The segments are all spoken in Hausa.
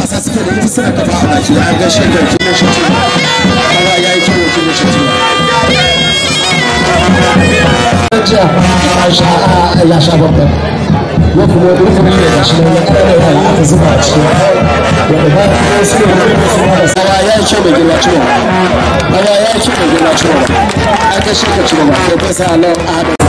wasa suka da ita suna kafa a baki ya gaishe da kina shi ce ya yi kiwo kina shi ce ya sha babban ya kuma rukuni ne da shi ne ya da yayi aka zuba a cikin wanda ba ta yi ne da su da sawa ya ce da gina ciwo Allah ya ce da gina ciwo aka shi ka ciwo ba sai sa Allah a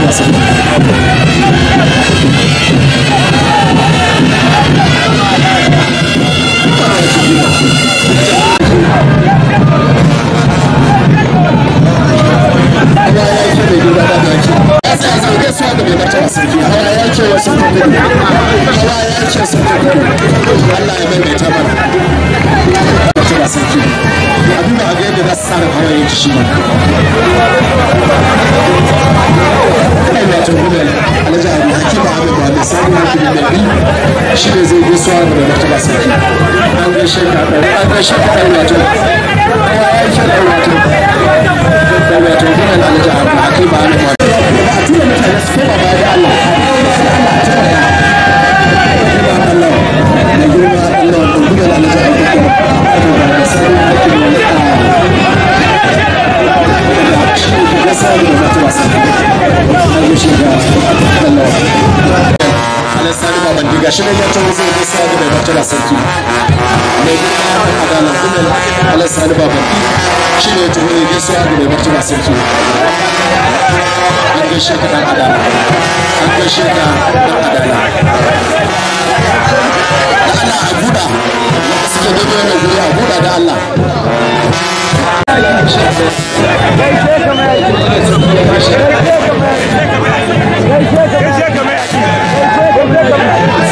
Abin da a ce yadda za su tsara hawaye shi ne. wato gudan alhaji abu abu ba da da bi shi ne zai bi da an ka an ka wato ya wato da wato gudan alhaji abu a tura mutane su koma baya da allah Allah, Allah, Allah, Allah, Allah, Allah, Allah, Allah, Allah, Allah, Allah, Allah, Allah, Allah, Allah, Allah, Allah, na sare na tuwa sanar da shi ga Allah alai sani baban diga shi ne ya ce wasu ya sa da sarki mai gina ya kan adalar kuma alai sani baban shi ne ya ce wasu ya sa da sarki an gaishe ka dan adala an gaishe ka dan adala da Allah a buɗa suke daidai wannan guri a buɗa da Allah Gaishe kamar yake. Gaishe kamar yake. Gaishe kamar yake. Thank you.